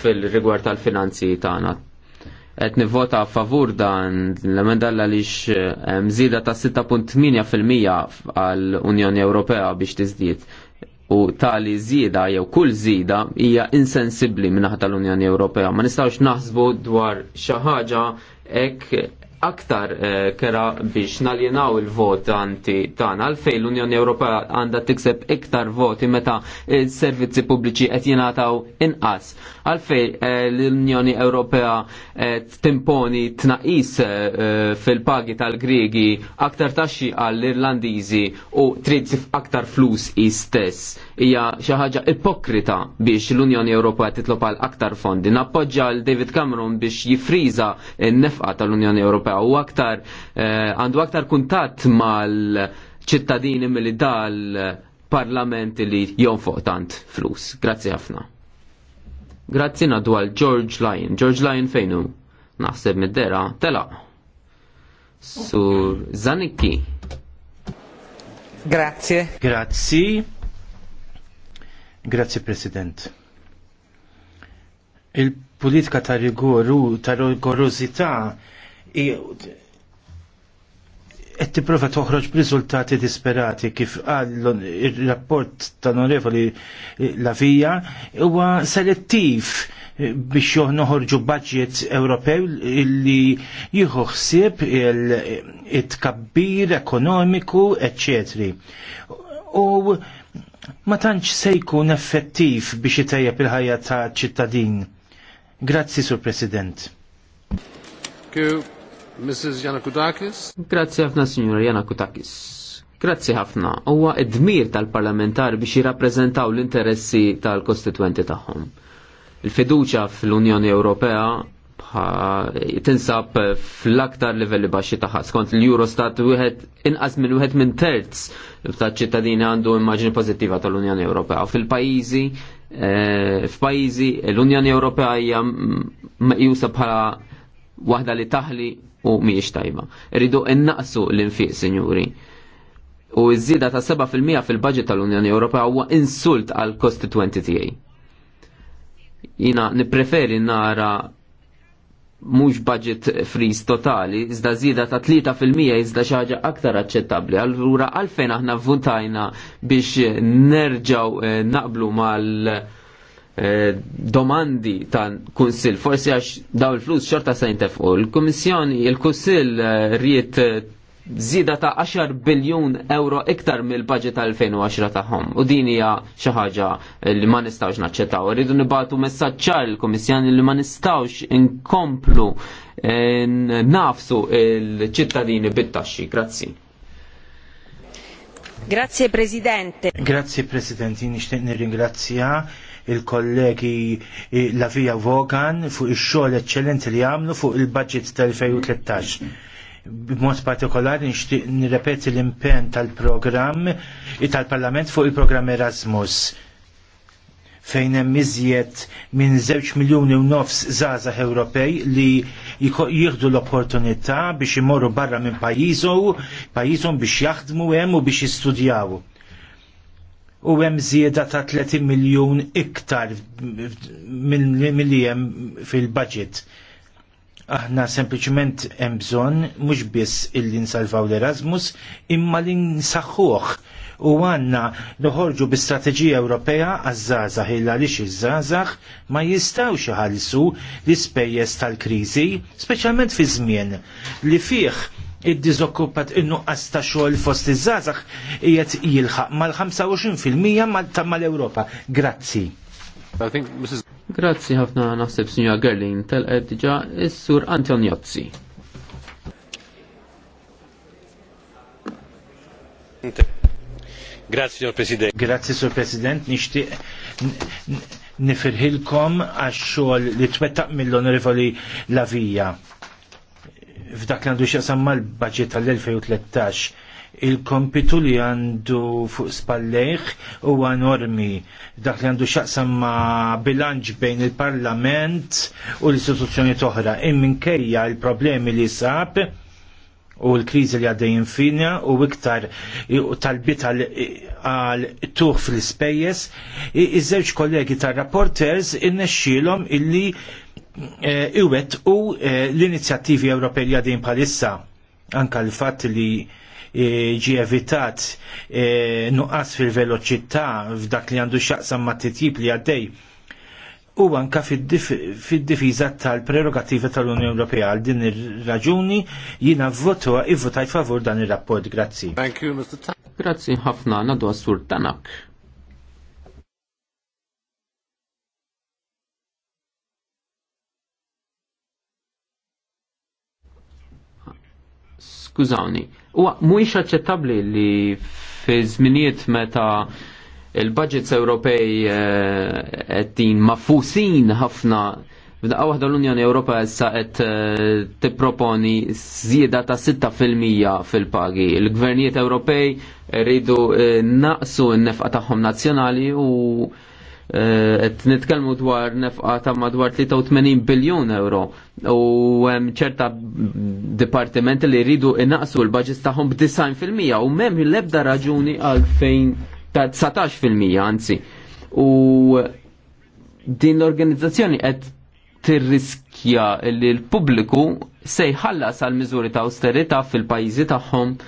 fil-rigward tal-finanzi tagħna. Qed nivvota favur dan l-emenda l għaliex mżida ta' 6.8% għall Unjoni Ewropea biex tiżdied. U tali żieda jew kull żieda hija insensibbli minnaħa tal-Unjoni Ewropea. Ma nistgħux naħsbu dwar xi ħaġa hekk aktar eh, kera biex naljenaw il vot anti tan. għalfejn l-Unjoni Ewropea għandha tikseb iktar voti meta il-servizzi pubbliċi qed jingħataw inqas. Għalfejn eh, l-Unjoni Ewropea qed timponi tnaqis eh, eh fil-pagi tal-Griegi aktar taxxi għall-Irlandiżi u trid aktar flus istess hija xi ħaġa ipokrita biex l-Unjoni Ewropea titlob għal aktar fondi. Nappoġġa l David Cameron biex jifriża n-nefqa tal-Unjoni Ewropea u aktar eh, għandu aktar kuntatt mal-ċittadini milli dal parlament li jonfoq tant flus. Grazzi ħafna. Grazzi nadu għal George Lyon. George Lyon fejnu? Naħseb mid-dera, Tela. Sur Zanicki. Grazie. Grazie. Grazzi President. Il-politika ta' rigoru, ta' rigorozità qed tipprova toħroġ b'riżultati disperati kif qal ir-rapport ta' onorevoli Lavija huwa selettiv biex noħorġu budget Ewropew li jieħu ħsieb it-tkabbir ekonomiku, eċetri. U ma tantx se jkun effettiv biex itejjeb il-ħajja ta' ċittadin. Grazzi, Sur President. Mrs. Janakudakis. Grazzi ħafna, Signor Janakudakis. Grazzi ħafna. Huwa id-dmir tal-parlamentari biex jirrappreżentaw l-interessi tal-kostituenti tagħhom. Il-fiduċa fl-Unjoni Ewropea tinsab fl-aktar livelli baxi taħħa. Skont l-Eurostat wieħed inqas minn wieħed minn terz ta' ċittadini għandu immaġni pożittiva tal-Unjoni Ewropea. Fil-pajjiżi eh, f'pajjiżi l-Unjoni Ewropea hija meqjusa bħala waħda li taħli u mhijiex tajba. Irridu innaqsu l-infiq, sinjuri. U iż-żieda ta' 7% fil-budget tal-Unjoni Ewropea huwa insult għall kostitwenti tiegħi. Jina nippreferi nara mhux budget freeze totali, iżda żieda ta' 3% iżda xi ħaġa aktar aċċettabbli. Allura għalfejn aħna vvuntajna biex nerġaw eh, naqblu mal eh, domandi ta' kunsil, forsi għax daw il-flus xorta sa' jintefqu. Il-Kummissjoni, il-Kunsil eh, rrit zida ta' 10 biljun euro iktar mill-budget tal-2010 tagħhom. U din hija xi ħaġa li ma nistgħux naċċettaw. Irridu nibatu messaġġar il-Kummissjoni li ma nistgħux inkomplu eh, nafsu il-ċittadini bit-taxxi. Grazzi. Grazie Presidente. Grazie Presidente, nixtieq nirringrazzja il-kollegi eh, Lavija Vogan fuq ix-xogħol eċċellenti li għamlu fuq il-budget tal-2013 b'mod partikolari nixtieq nirrepeti l-impenn tal-programm tal-Parlament fuq il-programm Erasmus fejn hemm iżjed minn żewġ miljuni u nofs żgħażagħ Ewropej li jieħdu l-opportunità biex imorru barra minn pajjiżu, pajjiżhom biex jaħdmu hemm u biex jistudjaw. U hemm żieda ta' 30 miljun iktar milli hemm fil-budget. Aħna sempliciment hemm bżonn mhux biss illi nsalvaw l-Erasmus imma li nsaħħuh u għanna noħorġu bi-strateġija Ewropea għaż-żgħażagħ illa għaliex iż-żgħażagħ ma jistgħux iħallsu l-ispejjeż tal-kriżi, speċjalment fi żmien li fih id-dizokkupat innu nuqqas ta' xogħol fost iż-żgħażagħ qiegħed jilħaq mal-25% mal-Ewropa. Grazzi. I think Mrs. Grazzi ħafna naħseb Sinja Gerlin tal-edġa is-sur Antonjozzi. Grazzi, signor Presidente. Grazzi, signor Presidente. Nixtieq nifirħilkom għax-xogħol li twettaq mill-Onorevoli Lavija. F'dak l-għandu xaqsam mal-budget tal-2013 il-kompitu li għandu fuq spallejħ huwa normi dak li għandu xaqsam ma' bilanċ bejn il-parlament u l-istituzzjoni toħra kejja il-problemi li sab u l-krizi li għaddejjin fina u iktar talbit għal tuħ fl-spejjes iż-żewġ kollegi tar-rapporters innexxielhom illi e, iwet u e, l-inizjattivi Ewropej li għaddejn bħalissa anka l-fatt li E, ġi evitat e, nuqqas fil-veloċità f'dak li għandu xaqsam ma' titjib li għaddej u anka fid-difiża tal-prerogativa tal-Unjoni Ewropea għal din ir-raġuni jiena votu ivvotajt favur dan ir-rapport. Grazzi. Thank you, Mr. Tanak. Grazzi ħafna għandu għassur Tanak. Skużawni, U mhuwiex aċċettabbli li fi żminijiet meta il-budgets Ewropej eh, qegħdin mafusin ħafna F'daqqa waħda l-Unjoni Ewropea għed qed eh, tipproponi żieda ta' 6% fil-pagi. Il-gvernijiet Ewropej rridu eh, naqsu n-nefqa tagħhom nazzjonali u qed eh, nitkellmu dwar nefqa ta' madwar 83 biljun euro u hemm ċerta dipartimenti li jridu inaqsu l-budgets tagħhom b'90% u m'hemm l-ebda raġuni għal fejn ta' 19% anzi. U din l-organizzazzjoni qed tirriskja li l-pubbliku se jħallas għal miżuri ta' austerità fil-pajjiżi tagħhom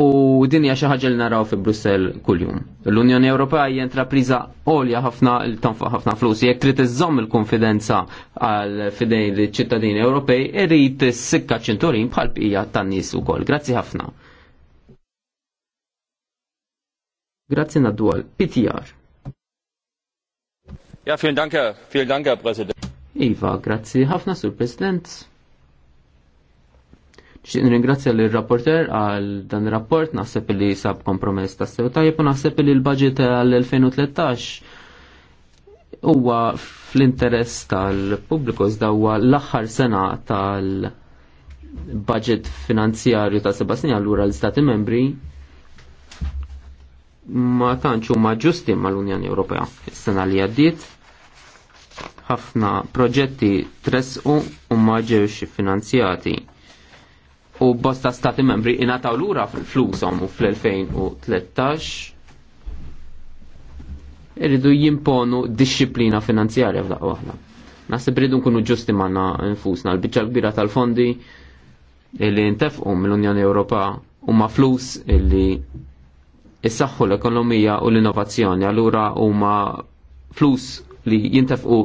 u dinja xi ħaġa li naraw fi Brussell kuljum. L-Unjoni Ewropea hija intrapriża għolja ħafna tanfaq ħafna flus. Jekk trid iżomm il-konfidenza għal fidejn liċ-ċittadini Ewropej, irid sikka ċinturin bħal bqija tan-nies ukoll. Grazzi ħafna. Grazzi nadwal. PTR. Ja, vielen Dank, vielen Dank, Herr Präsident. Iva, grazzi ħafna, Sur President. Ringrazzja li rapporter għal dan il-rapport, naħseb li sab kompromess ta' sew tajjeb u naħseb li l-budget għal-2013 huwa fl-interess tal-pubbliku iżda huwa l-aħħar sena tal-budget finanzjarju ta' seba' snin allura l-Stati membri ma tantx huma ġusti mal-Unjoni Ewropea is-sena li għaddiet ħafna proġetti tresqu u ma ġewx finanzjati u bosta stati membri inataw lura flusom u fl-2013 irridu jimponu disciplina finanzjarja f'daqqa waħda. Nasib rridu nkunu ġusti manna nfusna l-bicċa kbira tal-fondi li ntefqu mill-Unjoni u huma flus illi jissaxħu l-ekonomija u l-innovazzjoni, allura huma flus li jintefqu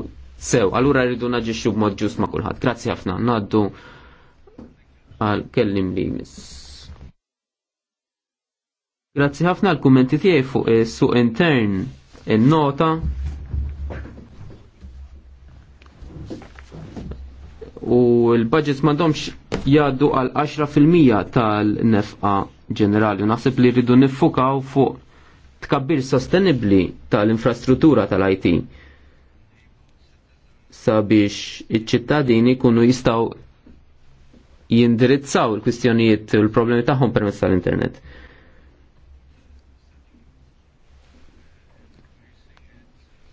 sew, allura rridu naġixxu b'mod ġust ma' kulħadd. Grazzi ħafna, naddu għal kellim li jmiss. Grazzi ħafna l kummenti tiegħi fuq is-suq intern in-nota u l-budgets m'għandhomx jgħaddu għal 10% tal-nefqa ġenerali. Naħseb li rridu nifukaw fuq tkabbir sostenibli tal-infrastruttura tal-IT sabiex iċ-ċittadini kunu jistaw jindirizzaw il-kwistjonijiet u l-problemi tagħhom permezz tal-internet.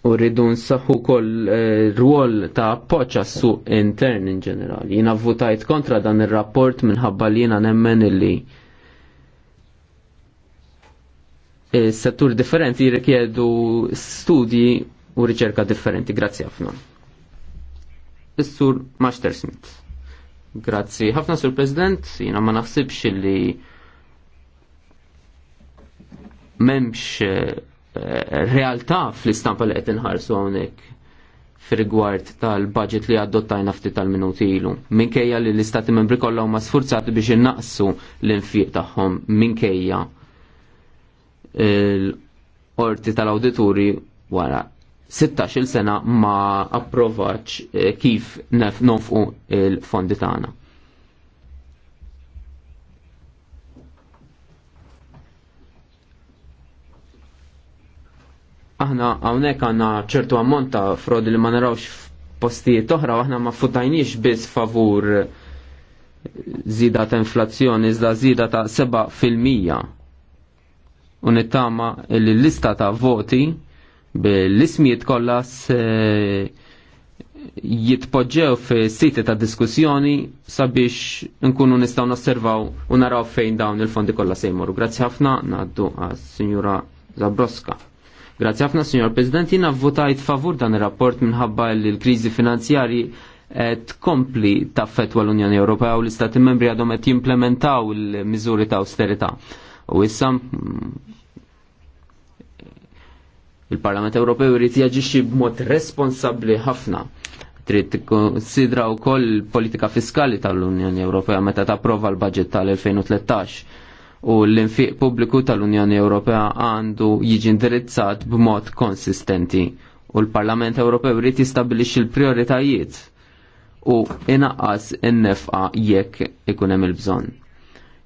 U rridu nsaħħu wkoll eh, rwol ta' appoċċa su intern in ġenerali. Jiena votajt kontra dan ir-rapport minħabba li jiena nemmen illi settur differenti jirrikjedu studji u riċerka differenti. Grazzi ħafna. Is-sur Master Smith. Grazzi. Ħafna sur President, jina ma naħsibx li memx eh, realtà fl-istampa li qed inħarsu hawnhekk fir-rigward tal-budget li adottajna ftit tal-minuti ilu. Minkejja li l-istati membri kollha huma sfurzati biex innaqsu l-infiq tagħhom minkejja l-orti tal-awdituri wara 16 sena ma approvaċ eh, kif nef nofqu il-fondi tagħna. Aħna hawnhekk għandna ċertu ammont ta' frodi li ma narawx f'postijiet oħra aħna ma futajniex biss favur zida ta' inflazzjoni iżda zida ta' 7 fil-mija. U nittama l-lista ta' voti bil-ismijiet kollha jitpoġġew fi siti ta' diskussjoni sabiex nkunu nistgħu nosservaw u naraw fejn dawn il-fondi kollha se jmorru. Grazzi ħafna ngħaddu għas-Sinjura Zabroska. Grazzi ħafna, Sinjor President, jiena votajt favur dan ir-rapport minħabba li l-kriżi finanzjarji qed kompli taffetwa l-Unjoni Ewropea u l-Istati Membri għadhom qed jimplementaw il-miżuri ta' austerità. U issa Il-Parlament Ewropew irid jaġixxi b'mod responsabbli ħafna. Trid tikkonsidra wkoll politika fiskali tal-Unjoni Ewropea meta tapprova l-budget tal-2013 u l-infiq pubbliku tal-Unjoni Ewropea għandu jiġi indirizzat b'mod konsistenti u l-Parlament Ewropew irid jistabbilixxi l-prioritajiet u inaqqas in-nefqa jekk ikun hemm il-bżonn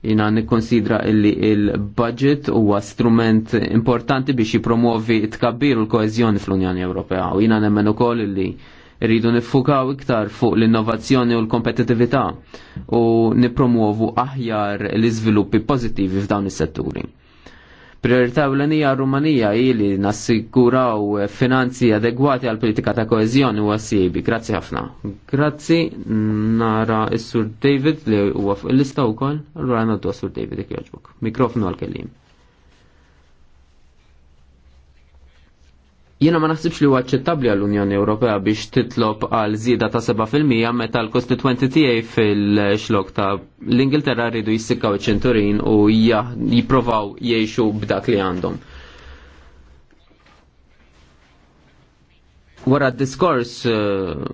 jina nikkonsidra illi il-budget huwa strument importanti biex jipromuovi tkabbir u l-koezjoni fl-Unjoni Ewropea u jina nemmen ukoll illi rridu nifukaw iktar fuq l-innovazzjoni u l-kompetitività u nipromuovu aħjar l-iżviluppi pożittivi f'dawn is-setturi. Priorità l-enija Rumanija ili nassiguraw finanzi adegwati għal politika ta' koezjoni u għasibi. Grazzi ħafna. Grazzi, nara s-Sur David li huwa fuq il-lista wkoll, allura għandna s-Sur David ik jogħġbok. Mikrofonu għal-kellim. Jiena ma naħsibx li huwa aċċettabbli għall-Unjoni Ewropea biex titlob għal żieda ta' 7% meta l-Kostituenti tiegħi fil-xlok ta' l-Ingilterra rridu jissikkaw iċ-ċenturin u jipprovaw jgħixu b'dak li għandhom. Wara d diskors eh,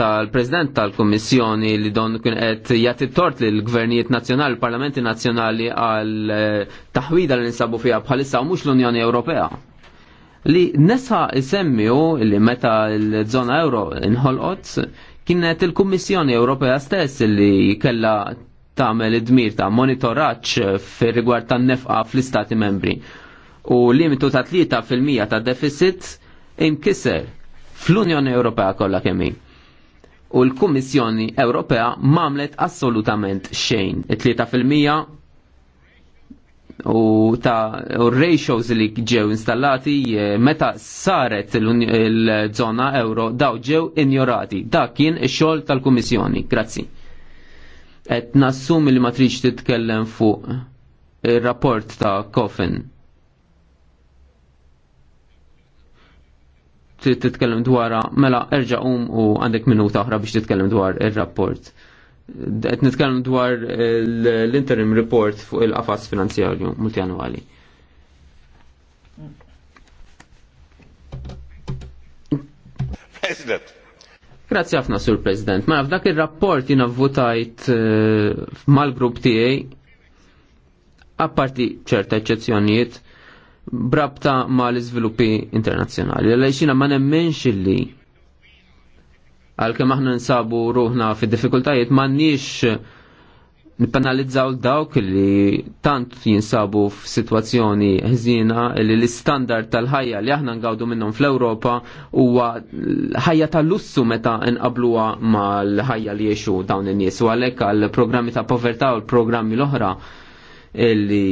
tal-President tal-Kommissjoni li don kien qed jagħti tort li l-Gvernijiet Nazzjonali, l-Parlamenti Nazzjonali għal eh, taħwida li nsabu fiha bħalissa u mhux l-Unjoni Ewropea li nesa jisemmiju li meta l-zona euro inħolqot kienet il-Kummissjoni Ewropea stess li kella tagħmel id-dmir ta' monitoraġġ fir rigward tan nefqa fl-istati membri. U limitu ta' 3% ta' deficit imkisser fl-Unjoni Ewropea kollha kemm U l-Kummissjoni Ewropea mamlet assolutament xejn. it-3% u ta' ratios li ġew installati eh, meta saret il-zona euro daw ġew ignorati. Dak kien ix-xogħol tal-Kummissjoni. Grazzi. Et nassum li ma titkellem fuq ir-rapport ta' Coffin. Titkellem dwar mela erġa' um u għandek minuta oħra biex titkellem dwar ir-rapport qed nitkellem dwar l-interim report fuq il-qafas finanzjarju multjanwali. President. Grazzi ħafna sur President. Ma mela, f'dak ir-rapport jina votajt eh, mal-grupp tiegħi apparti ċerta eċċezzjonijiet brabta mal-iżviluppi internazzjonali. Għaliex jiena ma nemmenx illi għalkemm aħna nsabu ruħna fid-diffikultajiet m'għandniex nipenalizzaw dawk li tant jinsabu f'sitwazzjoni ħżina li l-istandard tal-ħajja li aħna ngawdu minnhom fl-Ewropa huwa ħajja tal-lussu meta nqabluha mal-ħajja li jgħixu dawn in-nies u għalhekk għall-programmi ta' povertà u l-programmi l-oħra li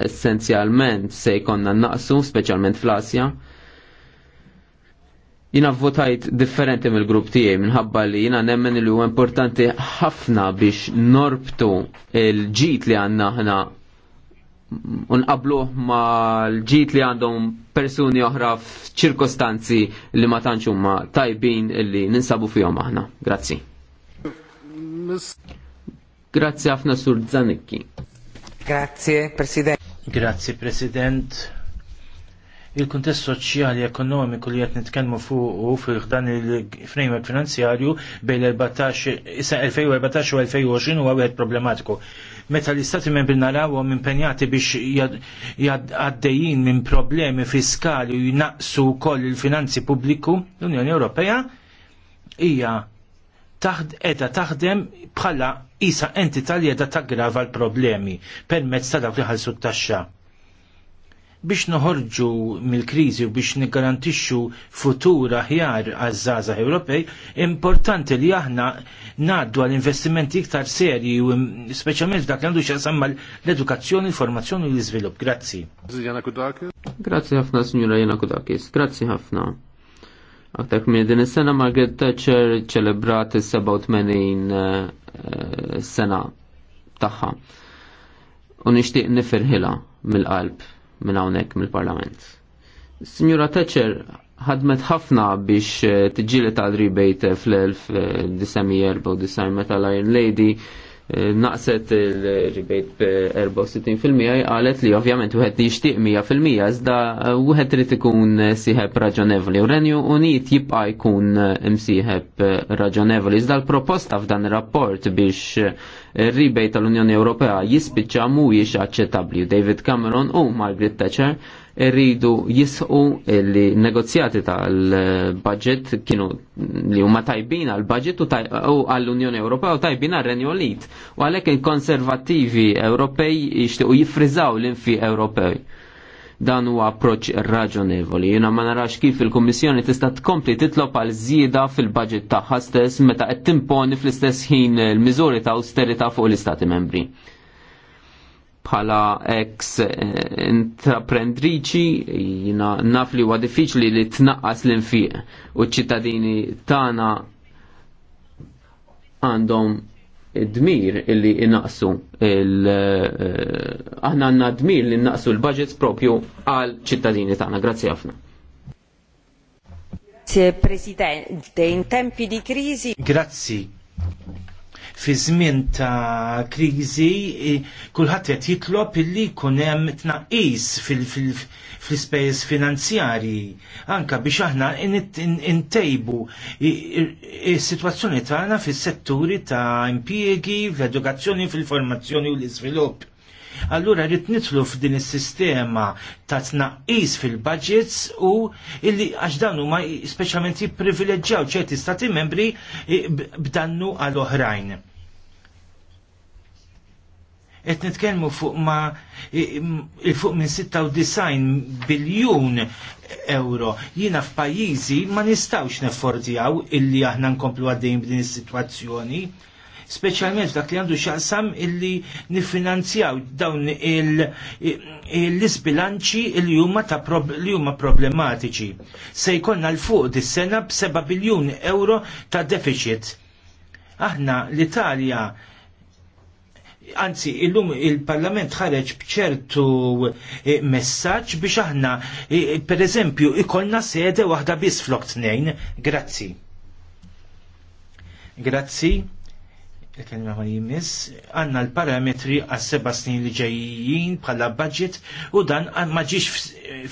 essenzjalment se jkollna naqsu, speċjalment fl-Asja, jina votajt differenti mill-grupp tiegħi minħabba li jina nemmen li huwa importanti ħafna biex norbtu l-ġit li għandna ħna unqabluħ ma l-ġit li għandhom persuni oħra f'ċirkostanzi li ma tantx huma tajbin li ninsabu fihom aħna. Grazzi. Grazzi ħafna sur Zanikki. Grazie, President. Grazie, President il-kuntest soċjali ekonomiku li qed nitkellmu fuq fil-dan il-framework finanzjarju bejn l-2014 u 2020 huwa wieħed problematiku. Meta l-Istati membri narawhom impenjati biex għaddejjin minn problemi fiskali u jnaqsu wkoll il-finanzi pubbliku l-Unjoni Ewropea hija taħd taħdem bħala isa entità li qiegħda taggrava l-problemi permezz ta' dawk li ħalsu t-taxxa biex noħorġu mill-kriżi u biex nigarantixxu futur aħjar għaż-żgħażagħ Ewropej, importanti li aħna ngħaddu għal investimenti iktar serji u speċjalment dak li għandu x'jaqsam l-edukazzjoni, l-formazzjoni u l-iżvilupp. Grazzi. Grazzi ħafna, Sinjura Jana Kudakis. Grazzi ħafna. Aktar minn din is-sena Margaret Thatcher ċelebrat is-87 eh, eh, sena tagħha. U nixtieq nifirħilha mill-qalb minn hawnhekk mill-Parlament. Signora Thatcher ħadmet ħafna biex eh, tiġġieli ta' dribejt eh, fl-1994 eh, meta l-Iron Lady Eh, naqset il-rebate b-64% għalet li ovvjament uħed li jishtiq 100% iżda uħed eh, trid ikun eh, siħeb raġonevoli. U Renju Unit jibqa' jkun msiħeb raġonevoli. Iżda l-proposta f'dan il rapport biex il rebate tal-Unjoni Ewropea jispiċċa mhuwiex aċċettabbli. David Cameron u Margaret Thatcher rridu jisqu li negozjati tal-budget kienu li huma tajbin għal-budget u għall-Unjoni Ewropea u tajbin għal-Renju u għalhekk il-konservattivi Ewropej jixtiequ jiffriżaw l-infi Ewropej dan huwa approċ raġonevoli. Jiena ma narax kif il-Kummissjoni tista' tkompli titlob għal żieda fil-budget tagħha stess meta qed timponi fl-istess ħin il-miżuri ta' austerità fuq l-Istati membri bħala ex intraprendriċi jina naf li huwa diffiċli li tnaqqas l-infiq u ċittadini tagħna għandhom dmir illi innaqsu il aħna għandna dmir li innaqsu l-budgets propju għal ċittadini tagħna. Grazzi ħafna. Grazie Presidente, in tempi di crisi. Grazie fi żmien ta' kriżi kulħadd qed jitlob illi jkun hemm tnaqqis fl-ispejjeż finanzjarji anka biex aħna intejbu is-sitwazzjoni tagħna fis-setturi ta' impjiegi, fl-edukazzjoni, fil-formazzjoni u l-iżvilupp. Allura rrit nitlu f'din is-sistema ta' tnaqqis fil-budgets u illi għax dan huma speċjalment jipprivileġġjaw ċerti stati membri b'dannu għal oħrajn. Et nitkellmu fuq ma fuq minn 96 biljun euro. Jina f'pajjiżi ma nistawx neffordjaw illi aħna nkomplu għaddejn b'din is-sitwazzjoni speċjalment dak li għandu xaqsam illi nifinanzjaw dawn l-isbilanċi illi huma ta' li huma problematiċi. Se jkollna l fuq dis-sena b-7 biljun euro ta' deficit. Aħna l-Italja Anzi, illum il-Parlament ħareġ bċertu eh, messaġġ biex aħna, eh, per eżempju, ikollna sede waħda biss flok tnejn. Grazzi. Grazzi li kien ma jimmiss, għanna l-parametri għas seba snin li ġejjin bħala budget u dan ma maġiġ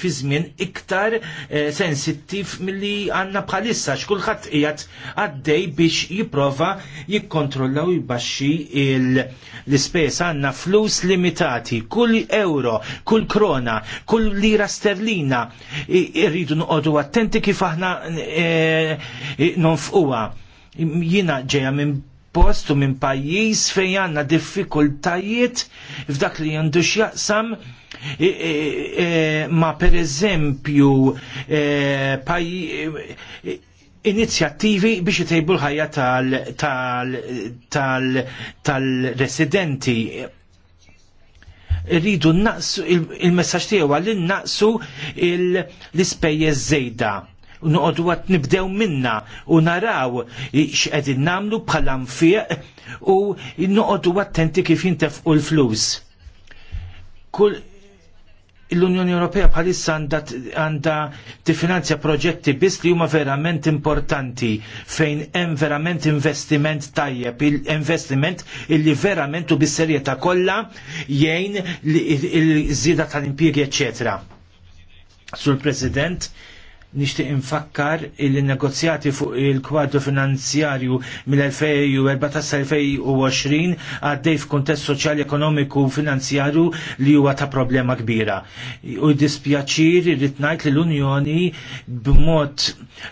fi żmien iktar eh, sensittiv mill-li għanna bħalissa xkulħat qiegħed għaddej biex jipprova jikkontrolla u jbaxxi l spesa għanna flus limitati, kull euro, kull krona, kull lira sterlina irridu noqogħdu attenti kif aħna eh, eh, nonfquha. Jina ġeja minn post u minn pajjiż fejn għandna diffikultajiet f'dak li għandu x'jaqsam e, e, e, ma pereżempju inizjattivi biex jtejbu l-ħajja tal-residenti rridu naqsu il-messaġġ tiegħu għal naqsu l-ispejjeż żejda Nuqodu noqogħdu għat nibdew minna u naraw x'qegħdin nagħmlu bħala fiq u noqogħdu attenti kif jintefqu l-flus. Kull l-Unjoni Ewropea bħalissa għandha tiffinanzja proġetti biss li huma verament importanti fejn hemm verament investiment tajjeb, investiment illi verament u bis-serjetà kollha jgħin l-żieda tal-impjiegi eccetera. Sur President, nixtieq infakkar il-negozjati fuq il-kwadru finanzjarju mill-2014 2020 għaddej f'kuntest soċjali ekonomiku u finanzjarju li huwa ta' problema kbira. U dispjaċir irrid ngħid li l-Unjoni b'mod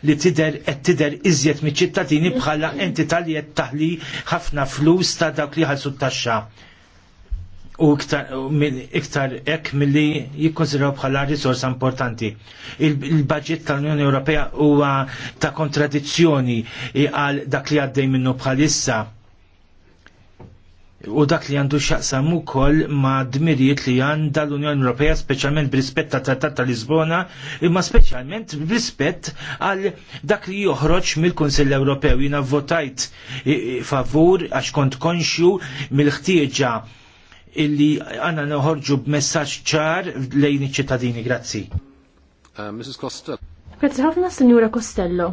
li tider qed tider iżjed miċ-ċittadini bħala entità li qed taħli ħafna flus ta' dak li ħalsu t-taxxa u iktar ek mill-li jikkonsidraw bħala risors importanti. Il-budget tal-Unjoni Ewropea huwa ta' kontradizzjoni għal dak li għaddej minnu bħalissa u dak li għandu xaqsam ukoll ma dmirijiet li għandha l-Unjoni Ewropea speċjalment b'rispett ta' Trattat ta' Lisbona, imma speċjalment b'rispett għal dak li joħroġ mill-Kunsill Ewropew. Jina votajt favur għax kont konxju mill-ħtieġa illi għanna b b'messaġġ ċar lejn iċ-ċittadini. Grazzi. Uh, Mrs. Costello. Grazzi ħafna, Signora Costello.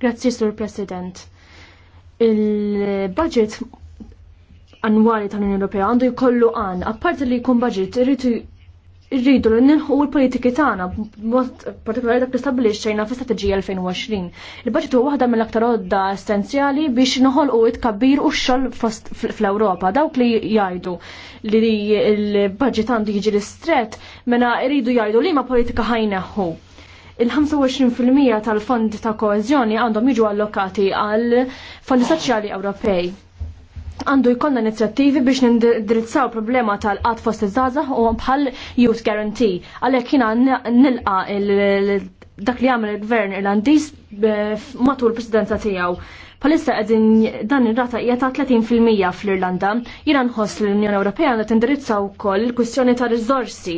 Grazzi, Sur President. Il-budget annwali tal-Unjoni Ewropea għandu jkollu għan, apparti li jkun budget irritu Irridu li nilħu l-politiki tagħna b'mod partikolari dak li stabbilixxejna fl-istrateġija 2020. Il-budget huwa waħda mill-aktar għodda essenzjali biex noħolqu it-kabbir u x-xogħol fl-Ewropa. Dawk li jgħidu li l-budget għandu jiġi l-istret mena rridu jgħidu li ma politika ħajneħħu. Il-25% tal-fondi ta' koezjoni għandhom jiġu allokati għal fondi soċjali Ewropej għandu jkollna inizjattivi biex nindirizzaw problema tal-qat fost iż-żgħażagħ u bħal Youth Guarantee. Għalhekk jiena nilqa dak li għamel il-Gvern Irlandiż eh, matul il-Presidenza tiegħu. Palissa għedin dan ir-rata hija ta' 30% fl-Irlanda. Jiena nħoss l-Unjoni Ewropea għandha tindirizzaw wkoll il-kwistjoni tal-rizorsi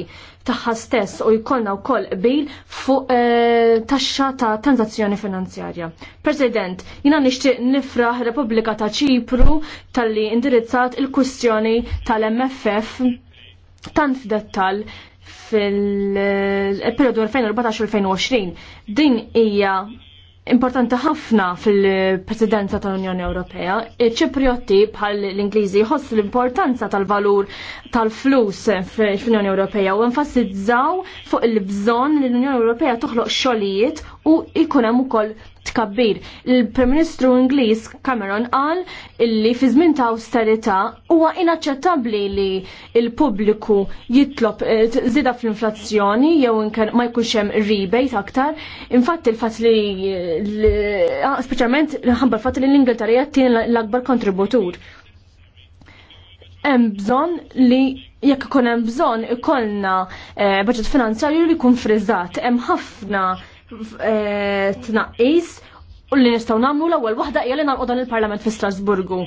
tagħha stess u jkollna wkoll qbil fuq taxxa ta' tranzazzjoni finanzjarja. President, jiena nixtieq nifraħ Repubblika ta' Ċipru talli indirizzat il-kwistjoni tal-MFF tant f'dettall fil-periodu 2014-2020. Din hija importanti ħafna fil-presidenza tal-Unjoni Ewropea. Ċipriotti bħal l-Ingliżi jħossu l-importanza tal-valur tal-flus fl-Unjoni Ewropea u enfasizzaw fuq il-bżonn li l-Unjoni Ewropea toħloq xogħlijiet u jkun hemm ukoll tkabbir. Il-Prim Ministru Ingliż Cameron qal illi fi żmien ta' austerità huwa inaċċettabbli li l-pubbliku jitlob eh, żida fl-inflazzjoni jew inkan ma jkunx hemm rebate aktar. Infatti il-fatt li ah, speċjalment ħabba fatt li l-Ingilterra jattin l-akbar kontributur. Hemm bżonn li jekk ikun hemm bżonn ikollna eh, budget finanzjarju li jkun frizzat. Hemm ħafna Eh, tnaqqis u li nistgħu nagħmlu l-ewwel waħda hija li nagħqu il-Parlament fi Strasburgu.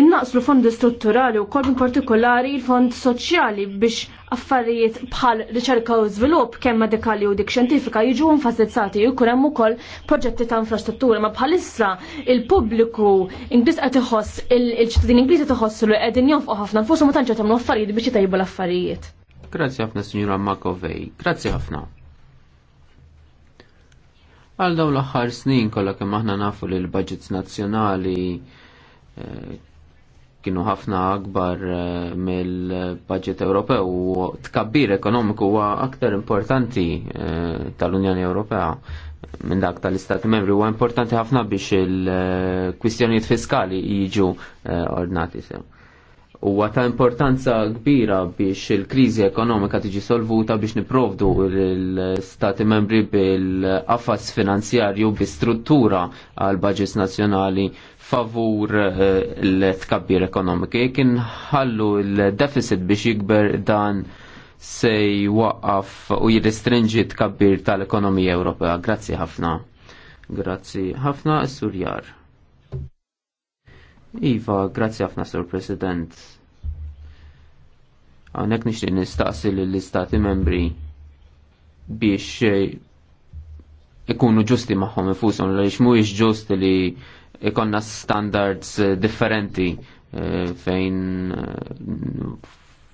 Innaqslu l fondi strutturali u kol partikolari l-fond soċjali biex affarijiet bħal riċerka u żvilupp kemm medikali u dik xjentifika jiġu infasizzati u hemm ukoll proġetti ta' infrastruttura ma bħalissa il-pubbliku Ingliż qed iħoss il-ċittadin Ingliż qed iħossu li qegħdin jonfqu ħafna nfushom ma tantx qed affarijiet biex jitajbu l-affarijiet. Grazzi ħafna Sinjura Makovej, grazzi ħafna. Għal dawn l-aħħar snin kollha kemm aħna nafu li l-budgets nazzjonali eh, kienu ħafna akbar eh, mill-budget Ewropew u tkabbir ekonomiku huwa aktar importanti eh, tal-Unjoni Ewropea minn dak tal-Istati Membri huwa importanti ħafna biex il-kwistjonijiet fiskali jiġu ordnati sew huwa ta' importanza kbira biex il-kriżi ekonomika tiġi solvuta biex niprovdu l-Stati membri bil-qafas finanzjarju bi struttura għal budgets nazzjonali favur eh, l-tkabbir ekonomiki. Kien ħallu l-deficit biex jikber dan se jwaqaf u jirrestringi tkabbir tal-ekonomija Ewropea. Grazzi ħafna. Grazzi ħafna, Surjar. Iva, grazzi għafna, Sur President. Għanek Għonek nixtieq nistaqsi l istati membri biex eh, ikunu ġusti magħhom infushom għaliex mhuwiex ġust li ikonna standards eh, differenti eh, fejn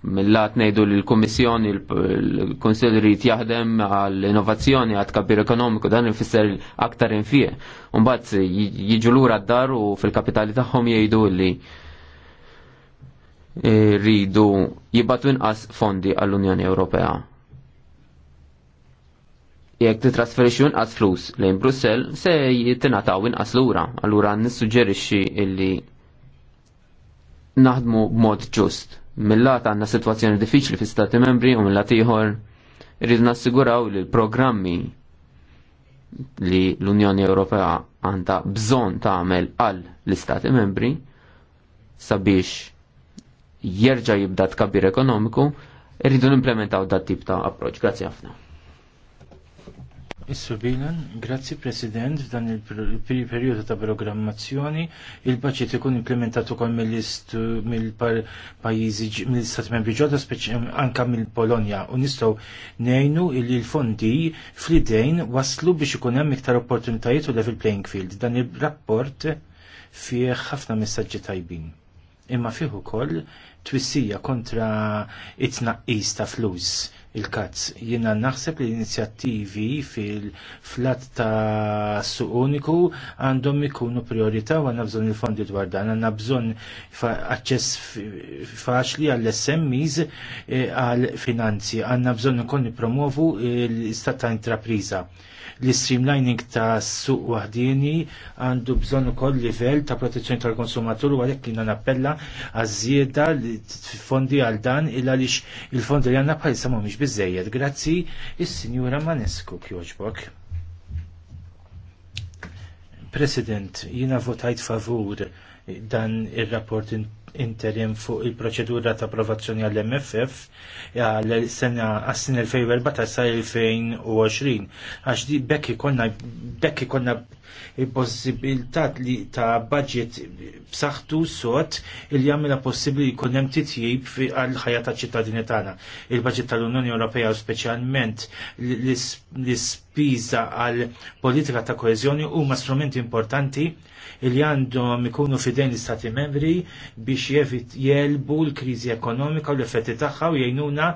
mill-lat nejdu l-Komissjoni, l-Konsil rrit jaħdem għall-innovazzjoni għad kabir ekonomiku, dan infisser aktar infie. Umbat jiġu lura d-dar u fil-kapitali tagħhom jgħidu li rridu jibbatu inqas fondi għall-Unjoni Ewropea. Jekk titrasferixxu inqas flus lejn Brussell se jitinataw inqas lura, allura nissuġġerixxi illi naħdmu b'mod ġust mill-lat għanna situazzjoni diffiċli fi stati membri u mill-lat ieħor irridu nassiguraw li l-programmi li l-Unjoni Ewropea għandha bżonn tagħmel għal l-istati membri sabiex jerġa' jibda tkabbir ekonomiku, irridu nimplementaw dat tip ta' approċċ. Grazzi ħafna. Issu Bilan, grazzi President, f'dan il-periodu ta' programmazzjoni, il-budget ikun implementat ukoll mill-pajjiżi mill istat Membri ġodda anka mill-Polonja u nistgħu ngħinu li l-fondi fl-idejn waslu biex ikun hemm iktar opportunitajiet u level playing field. Dan ir rapport fih ħafna messaġġi tajbin imma fih ukoll twissija kontra it-tnaqqis ta' flus il-kazz. Jiena naħseb li l-inizjattivi fil-flat ta' suq uniku għandhom ikunu priorità u għandna il-fondi dwar dan, għandna bżonn aċċess faċli għall-SMEs eh, għall-finanzi, għandna bżonn ikun nipromovu l-istat ta' intrapriża L-streamlining ta' suq wahdini għandu bżonn ukoll livell ta' protezzjoni tal-konsumatur u għalhekk jiena nappella għażieda li fondi għal dan illa li il-fondi li għandna bħalissa mhumiex bizzejed. Grazzi il sinjura Manesku kjoġbok. President, jiena votajt favur dan ir rapport interim fuq il-proċedura ta' approvazzjoni għall-MFF għal-sena għas-sin 2014 sa' 2020 għax di bekk ikonna il-possibilità li ta' budget b'saħħtu sot il jagħmilha possibbli jkun hemm titjib għall-ħajja taċ-ċittadini tagħna. Il-budget tal-Unjoni Ewropea speċjalment l-ispiża għal politika ta' koeżjoni huma strumenti importanti li għandhom ikunu fidejn l-Istati membri biex jevit jelbu l-kriżi ekonomika u l-effetti tagħha u jgħinuna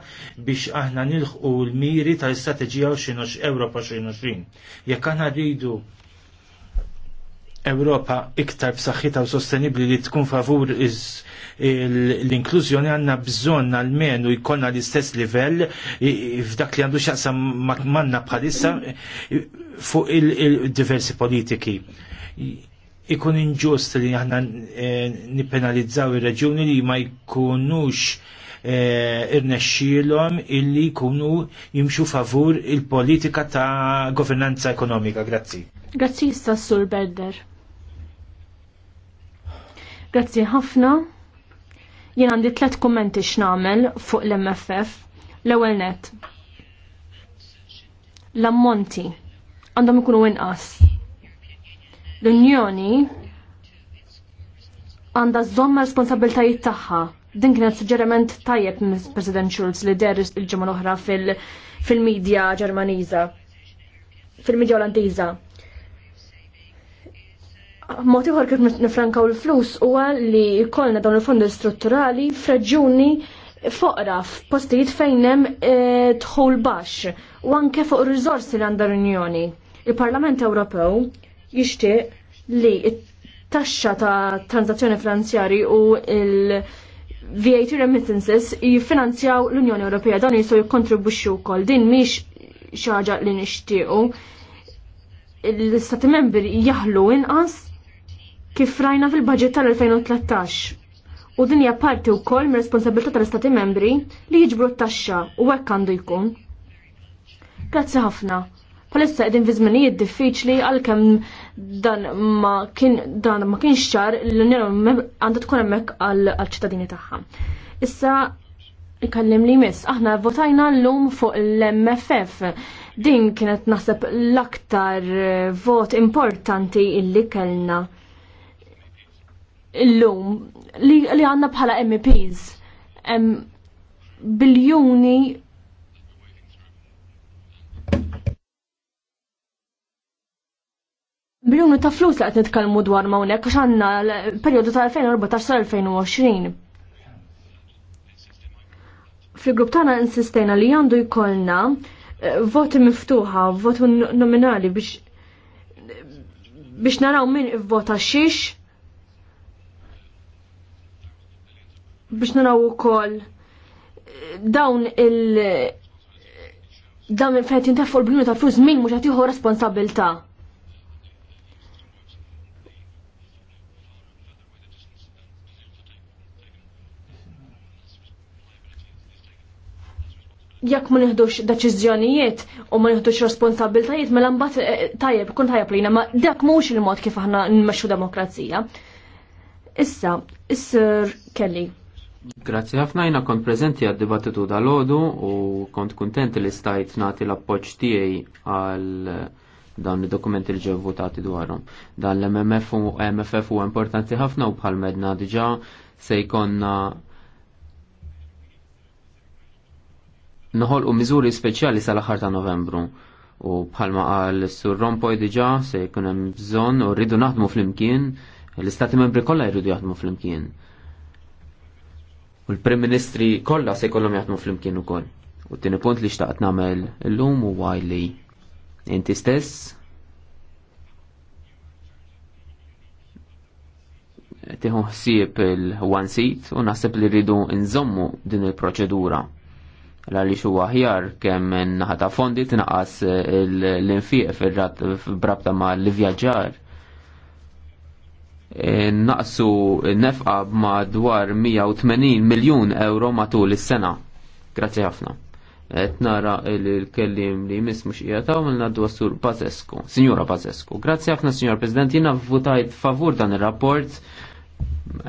biex aħna nilħqu l-miri tal-istrateġija 2020 Ewropa 2020. Jekk aħna rridu Ewropa iktar b'saħħitha u sostenibbli li tkun favur l-inklużjoni għandna bżonn u jkollna l-istess livell f'dak li għandu x'aqsam manna bħalissa fuq il-diversi politiki. Ikun inġust li aħna eh, nipenalizzaw ir reġuni li ma jkunux eh, irnexxielhom illi jkunu jimxu favur il-politika ta' governanza ekonomika. Grazzi. Grazzi sta' Sur Berder. Grazzi ħafna. Jien għandi tlet kummenti x'namel fuq l-MFF. L-ewwel net. L-ammonti għandhom ikunu inqas. L-Unjoni għandha żomm responsabiltajiet tagħha. Din kienet suġġerament tajjeb minn President Schulz li der il-ġimgħa l-oħra fil-medja Ġermaniża, fil-medja Olandiża Motiv għal kif nifrankaw il-flus huwa li jkollna dawn il-fondi strutturali f'reġjuni foqra f'postijiet fejn hemm e, dħul baxx u anke fuq ir rizorsi li għandha l-Unjoni. Il-Parlament Ewropew jixtieq li t-taxxa ta' transazzjoni finanzjari u il- VAT remittances jiffinanzjaw l-Unjoni Ewropea dan jistgħu jikkontribwixxu wkoll. Din mhix xi ħaġa li nixtiequ l istati membri jaħlu inqas kif rajna fil-budget tal-2013. U din hija parti wkoll mir-responsabilità tal-Istati membri li jiġbru t-taxxa u hekk għandu jkun. Grazzi ħafna. Palissa qegħdin fi żminijiet diffiċli għalkemm dan ma kien dan ma kienx ċar l-Unjoni għandha tkun hemmhekk għall-ċittadini tagħha. Issa ikallim li miss, aħna votajna l-lum fuq l-MFF. Din kienet naħseb l-aktar vot importanti illi kellna illum li, li għanna bħala MEPs biljuni biljuni ta' flus li qed nitkellmu dwar mawnek għax għanna periodu perjodu ta' 2014-2020. Fil-grupp tagħna insistejna li għandu jkollna eh, voti miftuħa, voti nominali biex biex naraw min ivvota xiex biex naraw ukoll dawn il- dawn il-fejt jintaffu l-bnumi ta' flus minn mux għatiħu responsabilta. Jekk ma nieħdux deċiżjonijiet u ma nieħdux responsabiltajiet mela mbagħad eh, eh, tajjeb kun tajjeb lina ma dak mhux il-mod kif aħna nmexxu demokrazija. Issa, issir Kelly. Grazzi ħafna jina kont prezenti għad dibattitu dal-ħodu u kont kontent li stajt nati l-appoċ tiegħi għal dawn id-dokumenti li ġew votati dwarhom. Dan l-MMF u MFF u importanti ħafna u bħal medna diġà se jkollna noħolqu miżuri speċjali sal-aħħar ta' Novembru. U bħalma għal sur Rompoj diġà se jkun hemm bżonn u rridu naħdmu flimkien, l-istati membri kollha jridu jaħdmu flimkien. U l-Prim Ministri kollha se jkollhom jaħdmu flimkien ukoll. U t-tieni punt li xtaqt nagħmel illum huwa li inti stess tieħu ħsieb il-one seat u naħseb li rridu nżommu din il-proċedura għaliex huwa aħjar kemm naħa ta' fondi tnaqqas l-infieq brabta ma mal vjagġar naqsu nefqa madwar 180 miljun euro matul is-sena. Grazzi ħafna. Et nara il-kellim li jmiss mux jgħataw mill naddu għassur Bazesku, Signora Bazesku. Grazzi ħafna, Signor President, jina votajt favur dan il-rapport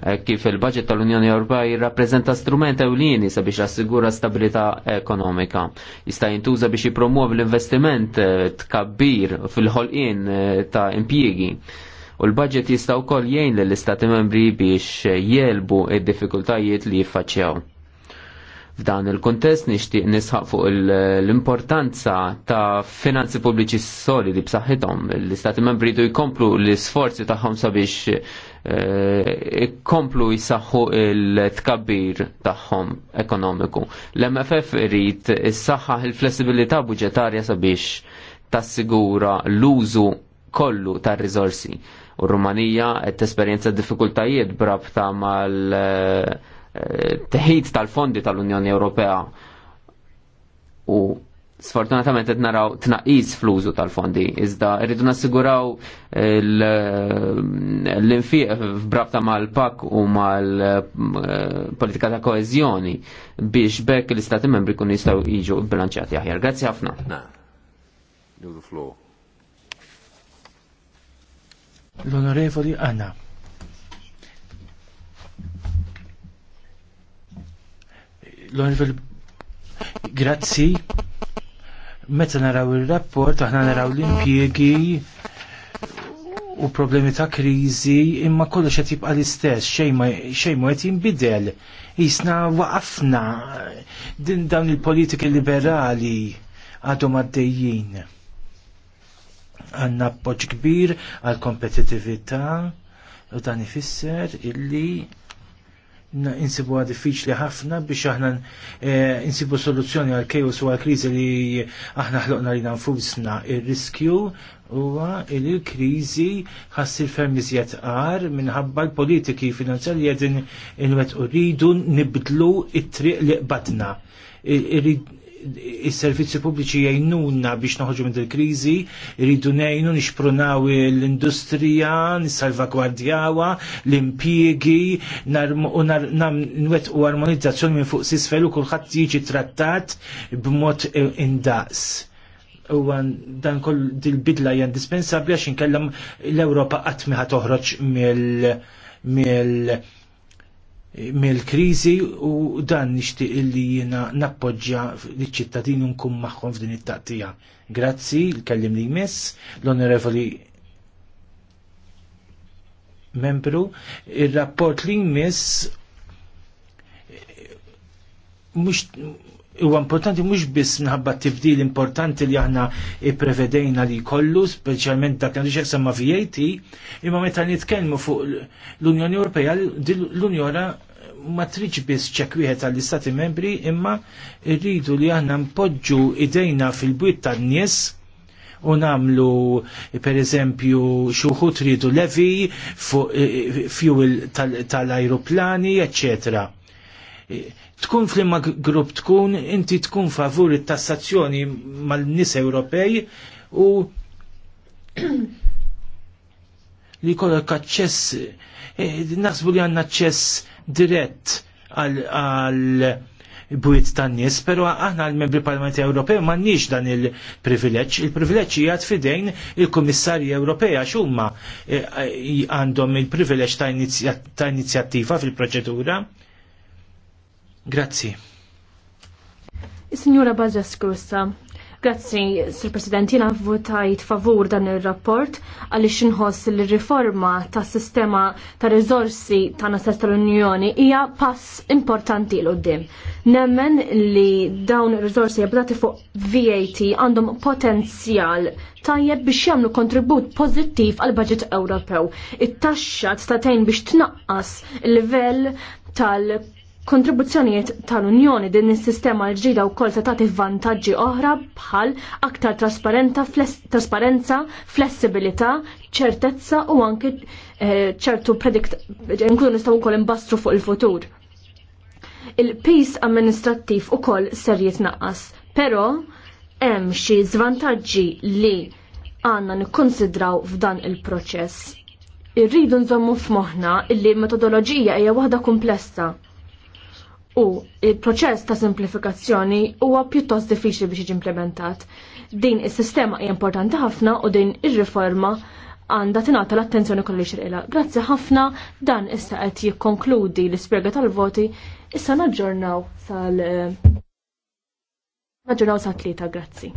eh, kif il-budget tal-Unjoni Ewropea jirrappreżenta strument ewlieni sabiex assigura stabilità ekonomika. Jista' jintuża biex jipromuov l-investiment eh, tkabbir fil-ħolqien eh, ta' impjiegi u l-budget jista' wkoll jgħin lill istati membri biex jelbu id-diffikultajiet li jiffaċċjaw. F'dan il-kontest nixtieq nisħaq fuq l-importanza ta' finanzi pubbliċi solidi b'saħħithom. L-Istati membri jdu jkomplu l-isforzi tagħhom sabiex eh, ikomplu jisaħħu il-tkabbir tagħhom ekonomiku. L-MFF irid issaħħaħ il-flessibilità budġetarja sabiex tassigura l-użu kollu tar-riżorsi u Rumanija qed tesperjenza diffikultajiet brabta mal eh, eh, teħid tal-fondi tal-Unjoni Ewropea u sfortunatament qed naraw tnaqqis fl-użu tal-fondi, iżda rridu nassiguraw eh, l-infieq f'brabta mal-pak u mal-politika ta' koezjoni biex bekk l-istati membri kun jistgħu jiġu bilanċjati aħjar. Grazzi ħafna. L-Onorevoli Anna. L-Onorevoli Grazzi. Meta naraw il-rapport, aħna naraw l impiegi u problemi ta' krizi imma kollox qed jibqa' l-istess, xejn ma qed jinbidel. Jisna waqafna din dawn il-politiki liberali għadhom għaddejjin għanna poċ kbir għal kompetitività u dan ifisser illi insibu għad diffiċli ħafna biex aħna eh, insibu soluzzjoni għal kejus u għal krizi li aħna ħloqna li nfusna il-riskju huwa il l-krizi ħassir ferm iżjed minħabba l-politiki finanzjali qegħdin inwet u rridu nibdlu it-triq li qbadna il-servizzi pubbliċi jgħinuna biex noħġu minn il-krizi, rridu nejnu nixprunaw l-industrija, nissalvagwardjawa, l-impiegi, nwet u armonizzazzjoni minn fuq sisfelu kullħat jiġi trattat b'mod indaqs u dan koll dil-bidla jgħan dispensabli għax nkellem l-Europa għatmiħa toħroġ mill mill-krizi u dan nixtieq illi jiena nappoġġja liċ-ċittadini nkun magħhom f'din it-taqtija. Grazzi, l-kellim li jmiss, l-onorevoli membru, ir-rapport li jmiss mux huwa importanti mhux biss minħabba tibdil importanti li aħna ipprevedejna li kollu, speċjalment dak għandu x'jaqsam ma' VAT, imma meta nitkellmu fuq l-Unjoni Ewropea, l-Unjona ma triġ biss ċek wieħed għall-Istati Membri, imma rridu li aħna npoġġu idejna fil-bwiet tan-nies u namlu per eżempju xuħut rridu levi fuq eh, fuel tal-ajruplani, eccetera tkun flimma grupp tkun, inti tkun favur it-tassazzjoni mal-nis Ewropej u li kollok aċċess, eh, naħsbu li għanna aċċess dirett għal bwiet tan nies, pero aħna l-membri Parlamenti Ewropej m'għandniex dan il privileċ il privileċ jgħat fidejn il-Kummissarji Ewropej għax huma eh, għandhom il-privileġġ ta' inizjattiva fil-proċedura Grazzi. Is-Sinjura Baġas Grazzi, Sir President, jina votajt favur dan il-rapport għalli nħoss li riforma ta' sistema ta' rizorsi ta' nasa tal-Unjoni hija pass importanti l qoddim Nemmen li dawn il-rizorsi jabdati fuq VAT għandhom potenzjal tajjeb biex jagħmlu kontribut pożittiv għal budget Ewropew. It-taxxa statejn biex tnaqqas il-livell tal- kontribuzzjonijiet tal-Unjoni din is-sistema l-ġdida wkoll se tagħti vantaġġi oħra bħal aktar trasparenza, flessibilità, ċertezza u anke eh, ċertu predikt nkunu nistgħu wkoll imbastru fuq il-futur. Il-pis amministrattiv ukoll ser jitnaqqas, però hemm xi żvantaġġi li għandna nikkonsidraw f'dan il-proċess. Irridu nżommu f'moħħna li l-metodoloġija hija waħda komplessa u il-proċess ta' simplifikazzjoni huwa pjuttost diffiċli biex jiġi implementat. Din is-sistema hija importanti ħafna u din ir-riforma għandha tingħata l-attenzjoni kollu xirqilha. Grazzi ħafna dan issa qed jikkonkludi l-ispjega tal-voti issa naġġornaw sal naġġornaw sa tlieta grazzi.